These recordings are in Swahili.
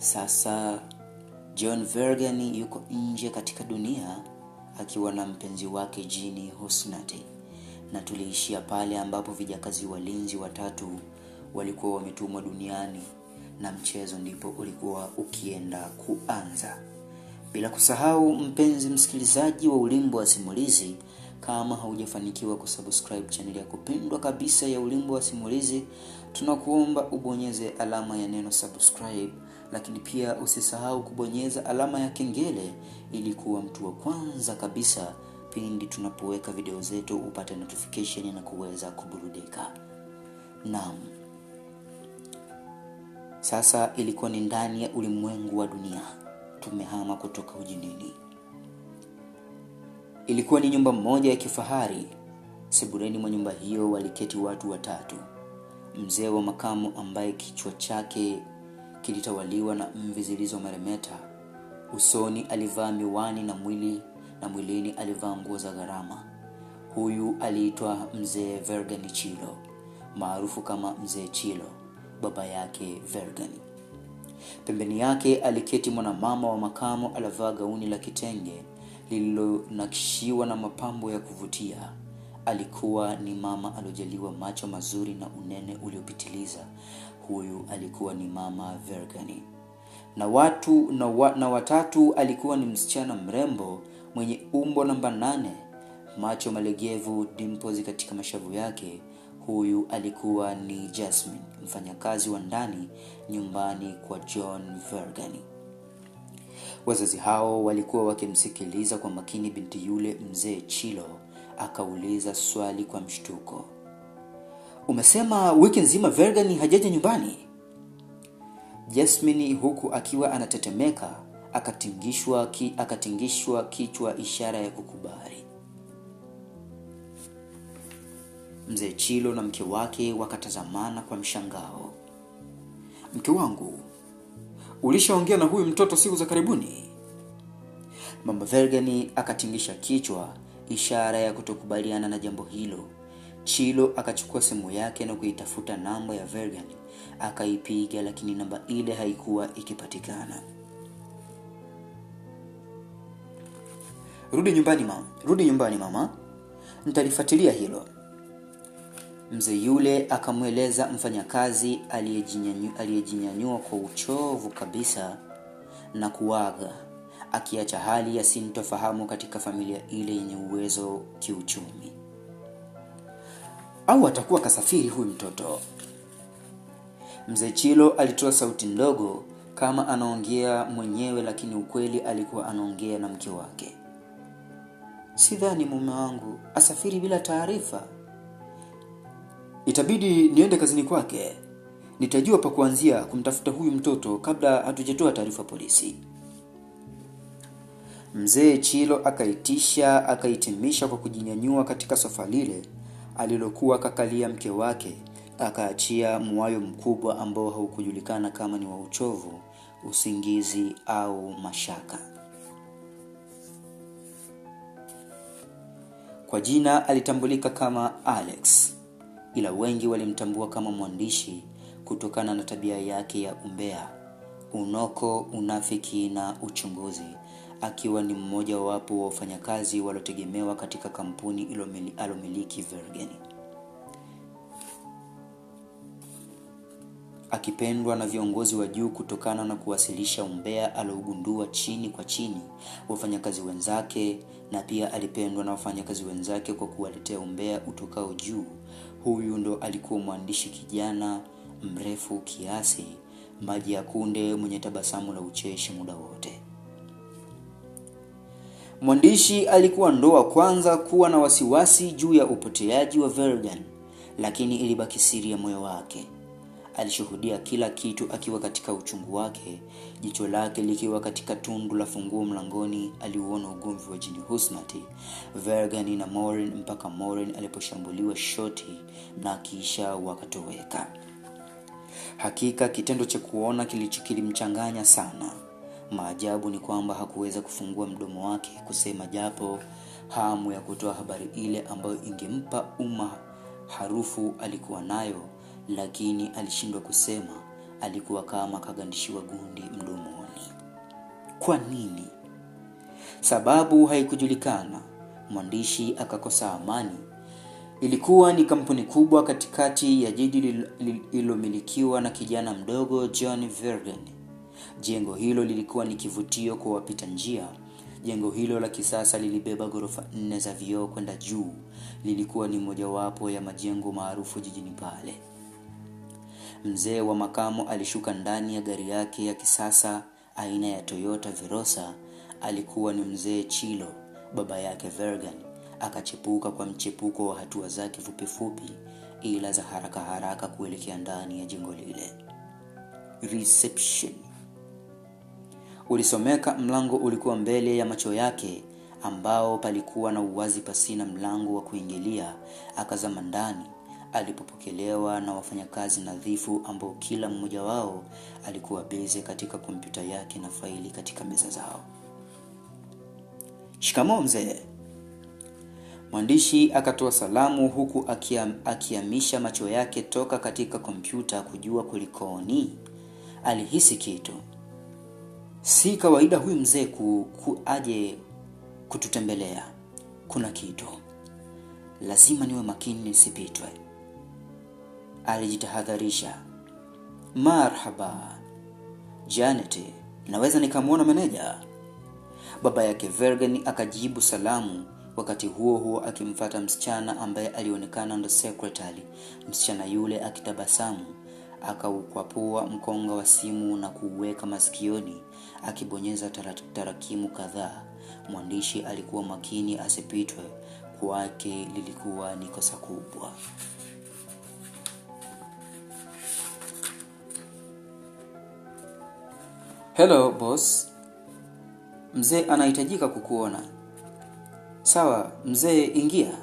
Sasa John Vergan yuko nje katika dunia akiwa na mpenzi wake Jini Husnati, na tuliishia pale ambapo vijakazi walinzi watatu walikuwa wametumwa duniani na mchezo ndipo ulikuwa ukienda kuanza. Bila kusahau, mpenzi msikilizaji wa Ulimbo wa Simulizi, kama haujafanikiwa kusubscribe chaneli ya kupindwa kabisa ya Ulimbo wa Simulizi, tunakuomba ubonyeze alama ya neno subscribe lakini pia usisahau kubonyeza alama ya kengele ili kuwa mtu wa kwanza kabisa pindi tunapoweka video zetu upate notification na kuweza kuburudika. Naam, sasa ilikuwa ni ndani ya ulimwengu wa dunia, tumehama kutoka ujinini. Ilikuwa ni nyumba moja ya kifahari. sebureni mwa nyumba hiyo waliketi watu watatu: mzee wa makamo ambaye kichwa chake kilitawaliwa na mvi zilizomeremeta. Usoni alivaa miwani na mwili na mwilini alivaa nguo za gharama. Huyu aliitwa mzee vergani Chilo, maarufu kama mzee Chilo, baba yake vergani Pembeni yake aliketi mwanamama wa makamo, alivaa gauni la kitenge lililonakishiwa na mapambo ya kuvutia. Alikuwa ni mama aliojaliwa macho mazuri na unene uliopitiliza, huyu alikuwa ni mama Vergani na watu na, wa, na watatu alikuwa ni msichana mrembo mwenye umbo namba nane, macho malegevu, dimples katika mashavu yake. Huyu alikuwa ni Jasmine, mfanyakazi wa ndani nyumbani kwa John Vergani. Wazazi hao walikuwa wakimsikiliza kwa makini binti yule mzee Chilo, akauliza swali kwa mshtuko umesema wiki nzima Vergan hajaja nyumbani? Jasmine huku akiwa anatetemeka akatingishwa, ki, akatingishwa kichwa ishara ya kukubali. Mzee Chilo na mke wake wakatazamana kwa mshangao. Mke wangu, ulishaongea na huyu mtoto siku za karibuni? Mama vergani akatingisha kichwa ishara ya kutokubaliana na jambo hilo. Chilo akachukua simu yake na kuitafuta namba ya Vergan akaipiga, lakini namba ile haikuwa ikipatikana. Rudi nyumbani mama, rudi nyumbani mama, nitalifuatilia hilo. Mzee yule akamweleza mfanyakazi aliyejinyanyua kwa uchovu kabisa na kuaga, akiacha hali ya sintofahamu katika familia ile yenye uwezo kiuchumi au atakuwa kasafiri huyu mtoto mzee chilo alitoa sauti ndogo kama anaongea mwenyewe lakini ukweli alikuwa anaongea na mke wake sidhani mume wangu asafiri bila taarifa itabidi niende kazini kwake nitajua pa kuanzia kumtafuta huyu mtoto kabla hatujatoa taarifa polisi mzee chilo akaitisha akaitimisha kwa kujinyanyua katika sofa lile alilokuwa kakalia mke wake, akaachia mwayo mkubwa ambao haukujulikana kama ni wa uchovu, usingizi au mashaka. Kwa jina alitambulika kama Alex, ila wengi walimtambua kama mwandishi kutokana na tabia yake ya umbea, unoko, unafiki na uchunguzi akiwa ni mmoja wapo wa wafanyakazi waliotegemewa katika kampuni alomiliki Vergen. Akipendwa na viongozi wa juu kutokana na kuwasilisha umbea aliogundua chini kwa chini wafanyakazi wenzake, na pia alipendwa na wafanyakazi wenzake kwa kuwaletea umbea utokao juu. Huyu ndo alikuwa mwandishi kijana mrefu kiasi, maji ya kunde, mwenye tabasamu la ucheshi muda wote. Mwandishi alikuwa ndo wa kwanza kuwa na wasiwasi juu ya upoteaji wa Vergan, lakini ilibaki siri ya moyo wake. Alishuhudia kila kitu akiwa katika uchungu wake, jicho lake likiwa katika tundu la funguo mlangoni. Aliuona ugomvi wa jini Husnati, Vergan na Morin mpaka Morin aliposhambuliwa shoti na kisha wakatoweka. Hakika kitendo cha kuona kilicho kilimchanganya sana. Maajabu ni kwamba hakuweza kufungua mdomo wake kusema japo hamu ya kutoa habari ile ambayo ingempa umma harufu alikuwa nayo, lakini alishindwa kusema. Alikuwa kama kagandishiwa gundi mdomoni. Kwa nini? Sababu haikujulikana. Mwandishi akakosa amani. Ilikuwa ni kampuni kubwa katikati ya jiji lililomilikiwa na kijana mdogo John Vergen Jengo hilo lilikuwa ni kivutio kwa wapita njia. Jengo hilo la kisasa lilibeba ghorofa nne za vioo kwenda juu. Lilikuwa ni mojawapo ya majengo maarufu jijini pale. Mzee wa makamo alishuka ndani ya gari yake ya kisasa aina ya Toyota Virosa. Alikuwa ni mzee Chilo, baba yake Vergan, akachepuka kwa mchepuko wa hatua zake fupifupi ila za haraka haraka kuelekea ndani ya jengo lile. Reception ulisomeka. Mlango ulikuwa mbele ya macho yake, ambao palikuwa na uwazi pasina mlango wa kuingilia. Akazama ndani alipopokelewa na wafanyakazi nadhifu ambao kila mmoja wao alikuwa beze katika kompyuta yake na faili katika meza zao. shikamo mzee. Mwandishi akatoa salamu huku akiamisha macho yake toka katika kompyuta kujua kulikoni. Alihisi kitu si kawaida huyu mzee ku, ku aje kututembelea, kuna kitu lazima niwe makini nisipitwe, alijitahadharisha. Marhaba Janet, naweza nikamwona meneja? Baba yake Vergen akajibu salamu, wakati huo huo akimfata msichana ambaye alionekana ndo secretary, msichana yule akitabasamu akaukwapua mkonga wa simu na kuuweka masikioni akibonyeza tarakimu kadhaa mwandishi alikuwa makini asipitwe kwake lilikuwa ni kosa kubwa helo bos mzee anahitajika kukuona sawa mzee ingia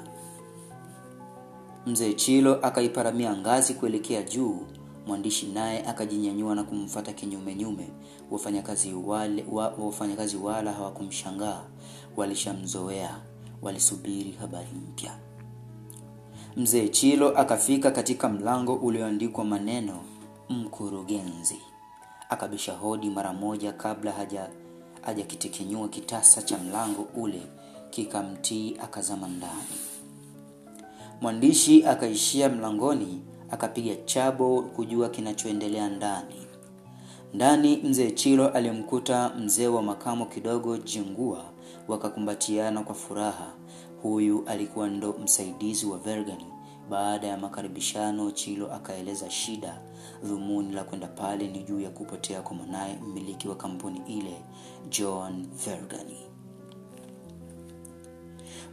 mzee chilo akaiparamia ngazi kuelekea juu Mwandishi naye akajinyanyua na kumfuata kinyume nyume. Wafanyakazi wale, wa, wafanyakazi wala hawakumshangaa, walishamzoea, walisubiri habari mpya. Mzee Chilo akafika katika mlango ulioandikwa maneno mkurugenzi. Akabisha hodi mara moja kabla haja hajakitikinyua kitasa cha mlango ule, kikamtii akazama ndani. Mwandishi akaishia mlangoni akapiga chabo kujua kinachoendelea ndani. Ndani mzee Chilo alimkuta mzee wa makamo kidogo Jingua, wakakumbatiana kwa furaha. Huyu alikuwa ndo msaidizi wa Vergan. Baada ya makaribishano, Chilo akaeleza shida. Dhumuni la kwenda pale ni juu ya kupotea kwa mwanaye, mmiliki wa kampuni ile, John vergani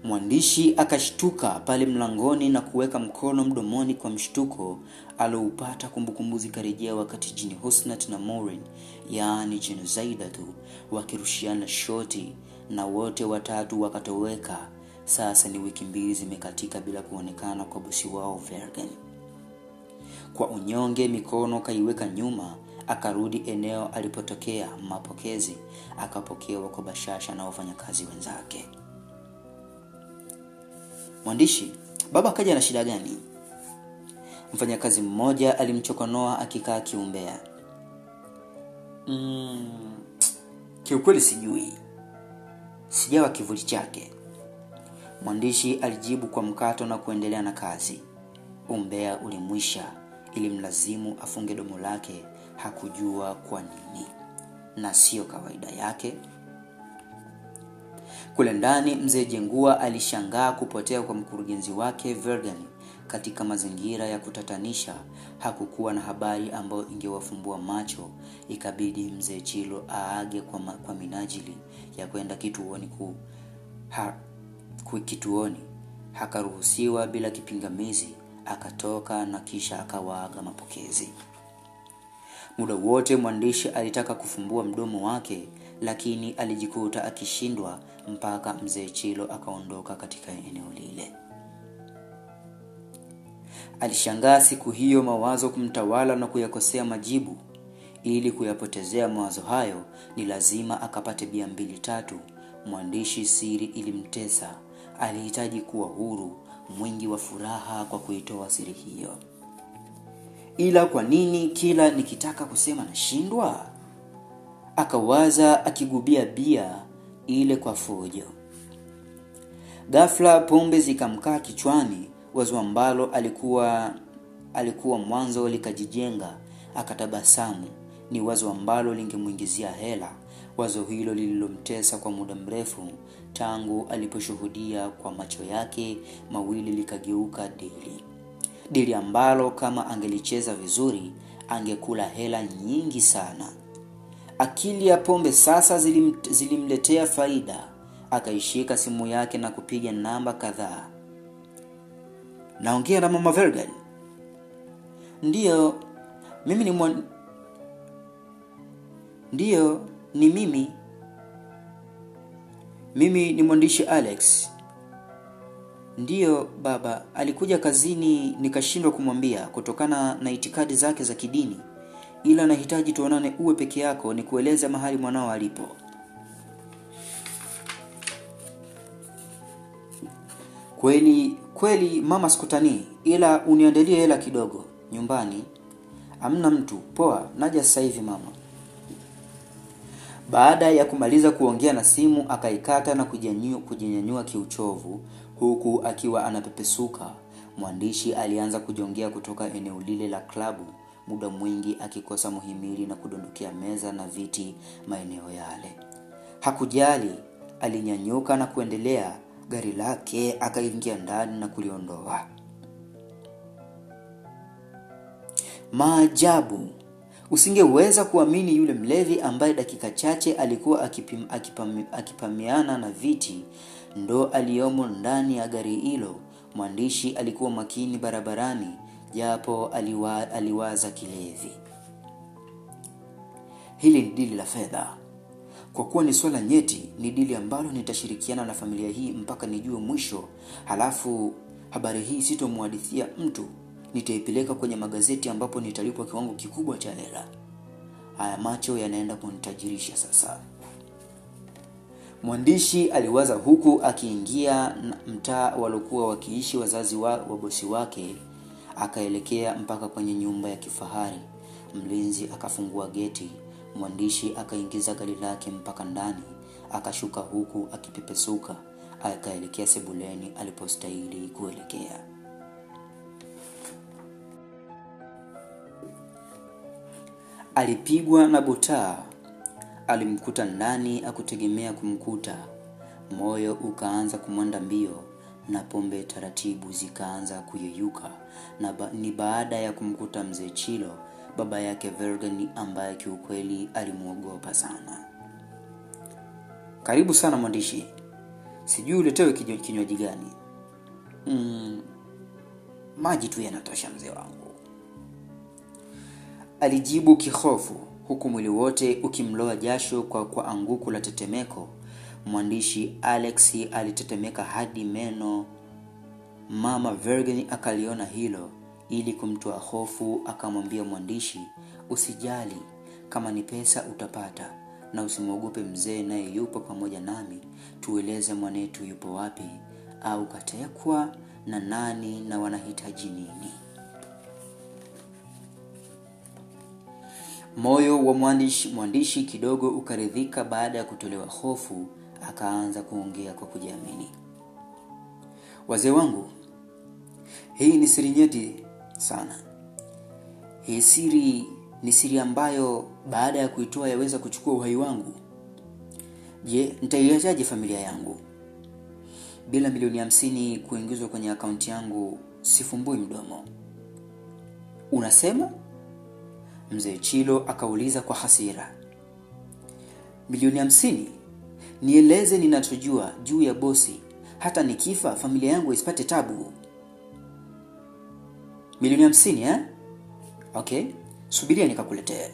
Mwandishi akashtuka pale mlangoni na kuweka mkono mdomoni kwa mshtuko aloupata, kumbukumbu zikarejea wakati jini Husnat na Morin, yaani jini Zaida tu wakirushiana shoti na wote watatu wakatoweka. Sasa ni wiki mbili zimekatika bila kuonekana kwa bosi wao vergen Kwa unyonge mikono kaiweka nyuma, akarudi eneo alipotokea mapokezi, akapokewa kwa bashasha na wafanyakazi wenzake. Mwandishi, baba akaja na shida gani? Mfanyakazi mmoja alimchokonoa akikaa kiumbea. Mm, kiukweli sijui, sijawa kivuli chake. Mwandishi alijibu kwa mkato na kuendelea na kazi. Umbea ulimwisha, ili mlazimu afunge domo lake. Hakujua kwa nini, na siyo kawaida yake kule ndani mzee Jengua alishangaa kupotea kwa mkurugenzi wake Vergan katika mazingira ya kutatanisha. Hakukuwa na habari ambayo ingewafumbua macho, ikabidi mzee Chilo aage kwa, ma, kwa minajili ya kwenda kituoni ku, ha, ku, kituoni hakaruhusiwa bila kipingamizi, akatoka na kisha akawaaga mapokezi. Muda wote mwandishi alitaka kufumbua mdomo wake lakini alijikuta akishindwa mpaka mzee Chilo akaondoka katika eneo lile. Alishangaa siku hiyo mawazo kumtawala na kuyakosea majibu. Ili kuyapotezea mawazo hayo, ni lazima akapate bia mbili tatu. Mwandishi siri ilimtesa, alihitaji kuwa huru, mwingi wa furaha kwa kuitoa siri hiyo. Ila kwa nini kila nikitaka kusema nashindwa? akawaza akigubia bia ile kwa fujo. Ghafla pombe zikamkaa kichwani, wazo ambalo alikuwa alikuwa mwanzo likajijenga. Akatabasamu, ni wazo ambalo lingemwingizia hela, wazo hilo lililomtesa kwa muda mrefu tangu aliposhuhudia kwa macho yake mawili likageuka dili, dili ambalo kama angelicheza vizuri angekula hela nyingi sana. Akili ya pombe sasa zilim, zilimletea faida. Akaishika simu yake na kupiga namba kadhaa. Naongea na mama Vergan? Ndiyo, mimi ni mwan... Ndiyo, ni mimi. Mimi ni mwandishi Alex. Ndiyo baba, alikuja kazini nikashindwa kumwambia kutokana na itikadi zake za kidini ila nahitaji tuonane, uwe peke yako, ni kueleza mahali mwanao alipo. Kweli kweli mama, sikutanii, ila uniandalie hela kidogo nyumbani, amna mtu. Poa, naja sasa hivi mama. Baada ya kumaliza kuongea na simu akaikata na kujinyanyua kiuchovu, huku akiwa anapepesuka. Mwandishi alianza kujongea kutoka eneo lile la klabu muda mwingi akikosa muhimili na kudondokia meza na viti maeneo yale. Hakujali, alinyanyuka na kuendelea gari lake, akaingia ndani na kuliondoa. Maajabu! Usingeweza kuamini yule mlevi ambaye dakika chache alikuwa akipim, akipam, akipamiana na viti ndo aliyomo ndani ya gari hilo. Mwandishi alikuwa makini barabarani, japo aliwa, aliwaza kilevi. Hili ni dili la fedha. Kwa kuwa ni swala nyeti, ni dili ambalo nitashirikiana na familia hii mpaka nijue mwisho, halafu habari hii sitomwhadithia mtu, nitaipeleka kwenye magazeti ambapo nitalipwa kiwango kikubwa cha hela. Haya macho yanaenda kunitajirisha sasa. Mwandishi aliwaza huku akiingia mtaa waliokuwa wakiishi wazazi wa, wa bosi wake Akaelekea mpaka kwenye nyumba ya kifahari. Mlinzi akafungua geti, mwandishi akaingiza gari lake mpaka ndani, akashuka huku akipepesuka, akaelekea sebuleni alipostahili kuelekea. Alipigwa na butaa, alimkuta ndani akutegemea kumkuta, moyo ukaanza kumwanda mbio na pombe taratibu zikaanza kuyeyuka, na ba, ni baada ya kumkuta mzee Chilo baba yake Vergan ambaye kiukweli alimwogopa sana. Karibu sana mwandishi, sijui uletewe kinywaji gani? Mm, maji tu yanatosha mzee wangu, alijibu kihofu, huku mwili wote ukimloa jasho kwa, kwa anguku la tetemeko Mwandishi alexi alitetemeka hadi meno. Mama Vergen akaliona hilo, ili kumtoa hofu akamwambia mwandishi, usijali, kama ni pesa utapata, na usimwogope mzee, naye yupo pamoja nami. Tueleze mwanetu yupo wapi au katekwa na nani na wanahitaji nini. Moyo wa mwandishi, mwandishi kidogo ukaridhika baada ya kutolewa hofu akaanza kuongea kwa kujiamini. Wazee wangu, hii ni siri nyeti sana. Hii siri ni siri ambayo baada ya kuitoa yaweza kuchukua uhai wangu. Je, nitaiachaje familia yangu? Bila milioni hamsini kuingizwa kwenye akaunti yangu sifumbui mdomo. Unasema? Mzee Chilo akauliza kwa hasira. Milioni hamsini nieleze ninachojua juu ya bosi, hata nikifa familia yangu isipate tabu. Milioni hamsini eh? Okay, subiria nikakuletea.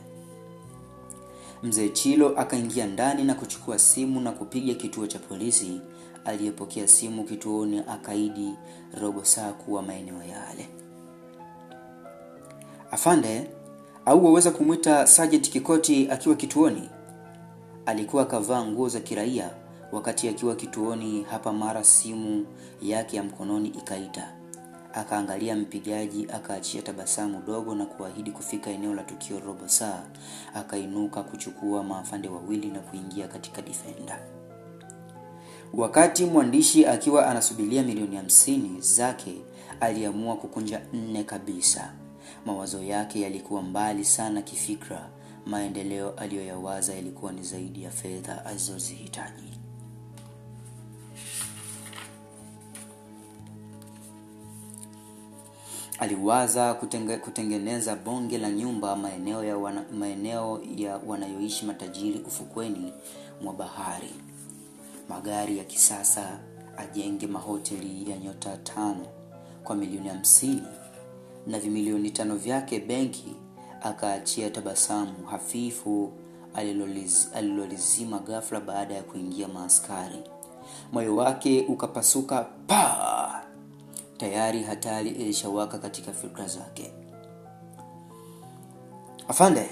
Mzee Chilo akaingia ndani na kuchukua simu na kupiga kituo cha polisi. Aliyepokea simu kituoni akaidi robo saa kuwa maeneo yale. Afande, au waweza kumwita Sergeant Kikoti akiwa kituoni? Alikuwa akavaa nguo za kiraia wakati akiwa kituoni hapa, mara simu yake ya mkononi ikaita. Akaangalia mpigaji, akaachia tabasamu dogo na kuahidi kufika eneo la tukio robo saa. Akainuka kuchukua maafande wawili na kuingia katika defender. Wakati mwandishi akiwa anasubiria milioni hamsini zake, aliamua kukunja nne kabisa. Mawazo yake yalikuwa mbali sana kifikra maendeleo aliyoyawaza yalikuwa ni zaidi ya fedha alizozihitaji aliwaza kutenge, kutengeneza bonge la nyumba maeneo ya, wana, maeneo ya wanayoishi matajiri ufukweni mwa bahari magari ya kisasa ajenge mahoteli ya nyota tano kwa milioni hamsini na vimilioni tano vyake benki akaachia tabasamu hafifu alilolizima ghafla baada ya kuingia maaskari. Moyo wake ukapasuka pa tayari, hatari ilishawaka katika fikra zake. Afande,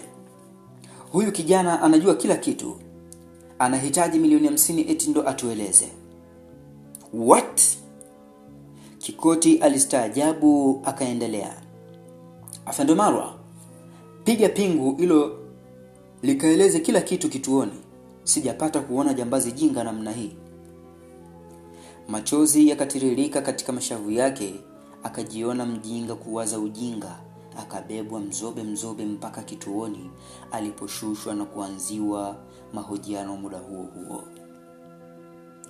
huyu kijana anajua kila kitu, anahitaji milioni hamsini eti ndo atueleze what? Kikoti alistaajabu, akaendelea Afande Marwa, Piga pingu ilo likaeleze kila kitu kituoni. Sijapata kuona jambazi jinga namna hii. Machozi yakatiririka katika mashavu yake, akajiona mjinga kuwaza ujinga, akabebwa mzobe mzobe mpaka kituoni aliposhushwa na kuanziwa mahojiano. Muda huo huo,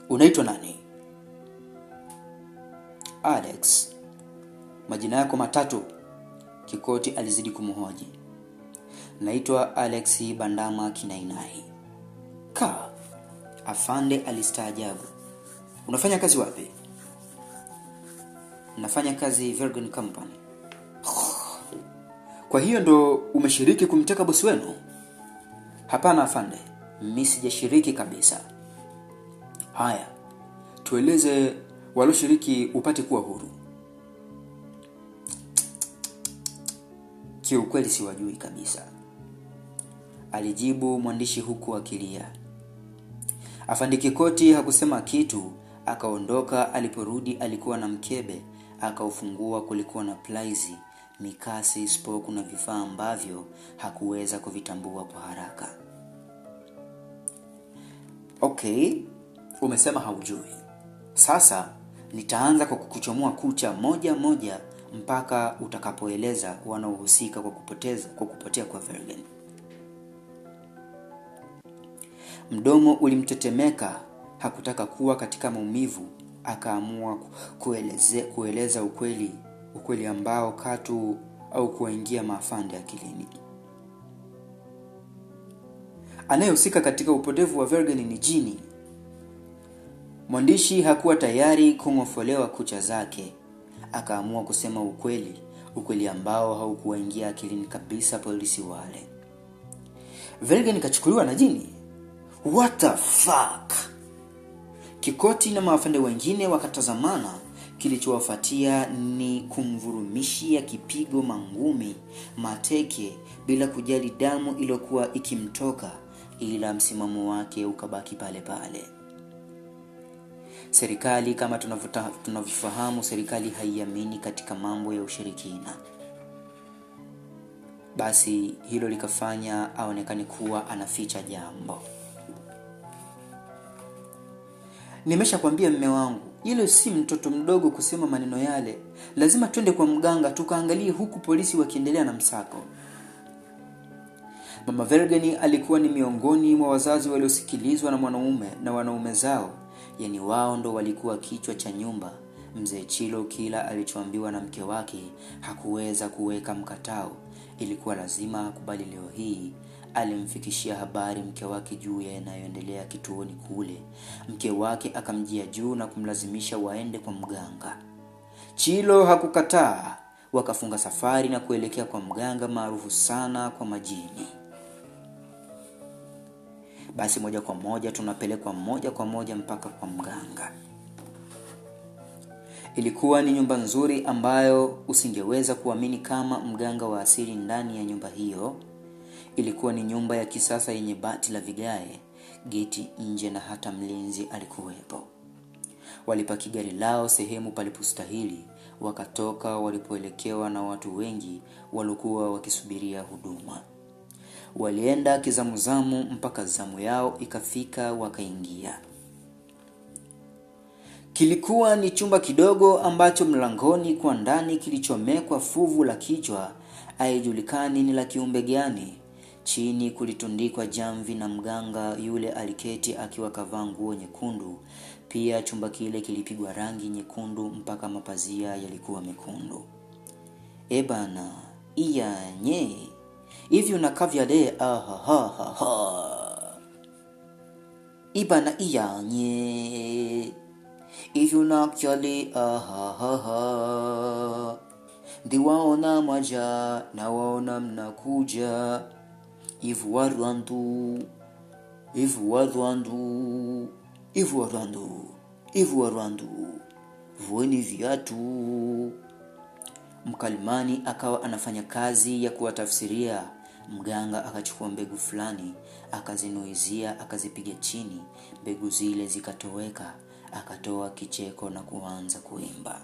unaitwa nani? Alex. Majina yako matatu? Kikoti alizidi kumhoji. Naitwa Alexi Bandama Kinainai. Ka afande alistaajabu. Unafanya kazi wapi? Nafanya kazi Virgin Company. Kwa hiyo ndo umeshiriki kumteka bosi wenu? Hapana afande, mimi sijashiriki kabisa. Haya, tueleze walioshiriki upate kuwa huru. Kiukweli siwajui kabisa alijibu mwandishi huku akilia. afandiki Kikoti hakusema kitu, akaondoka. Aliporudi alikuwa na mkebe, akaufungua. Kulikuwa na plaizi, mikasi, spoku na vifaa ambavyo hakuweza kuvitambua kwa haraka. Okay, umesema haujui. Sasa nitaanza kwa kukuchomoa kucha moja moja mpaka utakapoeleza wanaohusika kwa kupoteza kwa kupotea kwa Vergen. Mdomo ulimtetemeka, hakutaka kuwa katika maumivu, akaamua kueleze, kueleza ukweli, ukweli ambao katu au kuwaingia maafande akilini. Anayehusika katika upotevu wa Vergen ni jini. Mwandishi hakuwa tayari kung'ofolewa kucha zake, akaamua kusema ukweli, ukweli ambao haukuwaingia akilini kabisa polisi wale. Vergen kachukuliwa na jini what the fuck. Kikoti na maafande wengine wakatazamana. Kilichowafuatia ni kumvurumishia kipigo, mangumi, mateke, bila kujali damu iliyokuwa ikimtoka, ila msimamo wake ukabaki pale pale. Serikali kama tunavyofahamu, serikali haiamini katika mambo ya ushirikina. Basi hilo likafanya aonekane kuwa anaficha jambo nimeshakwambia mme wangu, yule si mtoto mdogo kusema maneno yale. Lazima twende kwa mganga tukaangalie, huku polisi wakiendelea na msako. Mama Vergeni alikuwa ni miongoni mwa wazazi waliosikilizwa na mwanaume na wanaume zao, yani wao ndo walikuwa kichwa cha nyumba. Mzee Chilo kila alichoambiwa na mke wake hakuweza kuweka mkatao, ilikuwa lazima akubali leo hii alimfikishia habari mke wake juu ya yanayoendelea kituoni kule. Mke wake akamjia juu na kumlazimisha waende kwa mganga. Chilo hakukataa, wakafunga safari na kuelekea kwa mganga maarufu sana kwa majini. Basi moja kwa moja tunapelekwa moja kwa moja mpaka kwa mganga. Ilikuwa ni nyumba nzuri ambayo usingeweza kuamini kama mganga wa asili ndani ya nyumba hiyo Ilikuwa ni nyumba ya kisasa yenye bati la vigae, geti nje na hata mlinzi alikuwepo. Walipaki gari lao sehemu palipostahili, wakatoka walipoelekewa na watu wengi waliokuwa wakisubiria huduma. Walienda kizamuzamu mpaka zamu yao ikafika, wakaingia. Kilikuwa ni chumba kidogo ambacho mlangoni kwa ndani kilichomekwa fuvu la kichwa, haijulikani ni la kiumbe gani, Chini kulitundikwa jamvi na mganga yule aliketi akiwa kavaa nguo nyekundu. Pia chumba kile kilipigwa rangi nyekundu mpaka mapazia yalikuwa mekundu. E bana, iya nye hivyo nakavya le ahahahaha ibana e iya nye hivyo nakavya le ahahaha ndiwaona maja nawaona mnakuja ivoire andro ivoaro andro voeni viatu mkalimani akawa anafanya kazi ya kuwatafsiria mganga akachukua mbegu fulani akazinuizia akazipiga chini mbegu zile zikatoweka akatoa kicheko na kuanza kuimba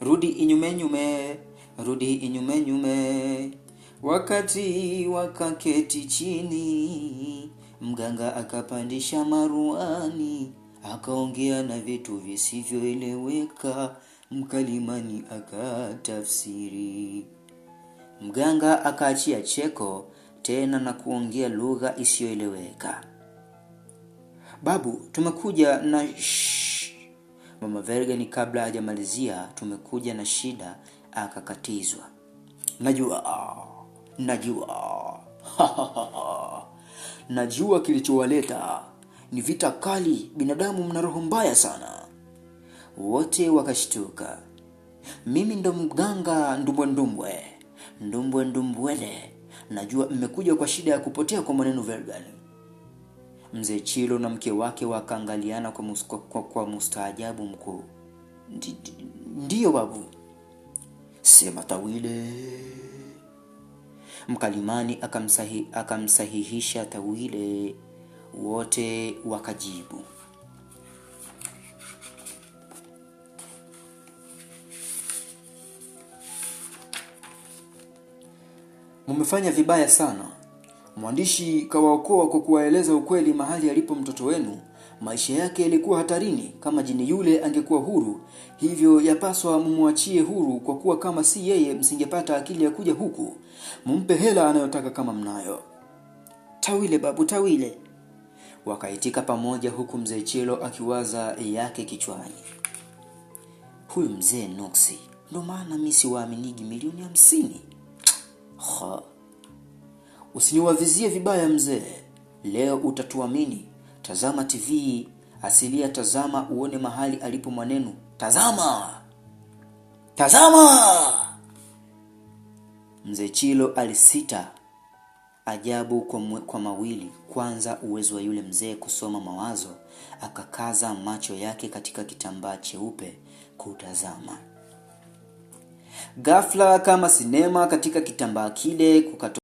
rudi inyumenyume rudi inyumenyume Wakati wakaketi chini, mganga akapandisha maruani, akaongea na vitu visivyoeleweka, mkalimani akatafsiri. Mganga akaachia cheko tena na kuongea lugha isiyoeleweka. Babu, tumekuja na shh. Mama Vergan kabla hajamalizia tumekuja na shida akakatizwa. Najua najua najua kilichowaleta ni vita kali binadamu mna roho mbaya sana wote wakashtuka mimi ndo mganga ndumbwe ndumbwe ndumbwe ndumbwele najua mmekuja kwa shida ya kupotea kwa maneno velgan mzee chilo na mke wake wakaangaliana kwa, kwa, kwa, kwa mustaajabu mkuu ndiyo babu sema tawile Mkalimani akamsahi, akamsahihisha Tawile, wote wakajibu. Mumefanya vibaya sana. Mwandishi kawaokoa kwa kuwaeleza ukweli mahali alipo mtoto wenu Maisha yake yalikuwa hatarini kama jini yule angekuwa huru, hivyo yapaswa mumwachie huru, kwa kuwa kama si yeye msingepata akili ya kuja huku. Mumpe hela anayotaka kama mnayo. Tawile babu, tawile. Wakaitika pamoja, huku mzee Chelo akiwaza yake kichwani. Huyu mzee Noksi, ndo maana mi siwaaminigi milioni hamsini. Usiniwavizie vibaya mzee, leo utatuamini. Tazama TV asilia, tazama uone mahali alipo Mwanenu. Tazama, tazama. Mzee Chilo alisita ajabu kwa, mwe, kwa mawili. Kwanza, uwezo wa yule mzee kusoma mawazo. Akakaza macho yake katika kitambaa cheupe kutazama. Ghafla kama sinema, katika kitambaa kile kukato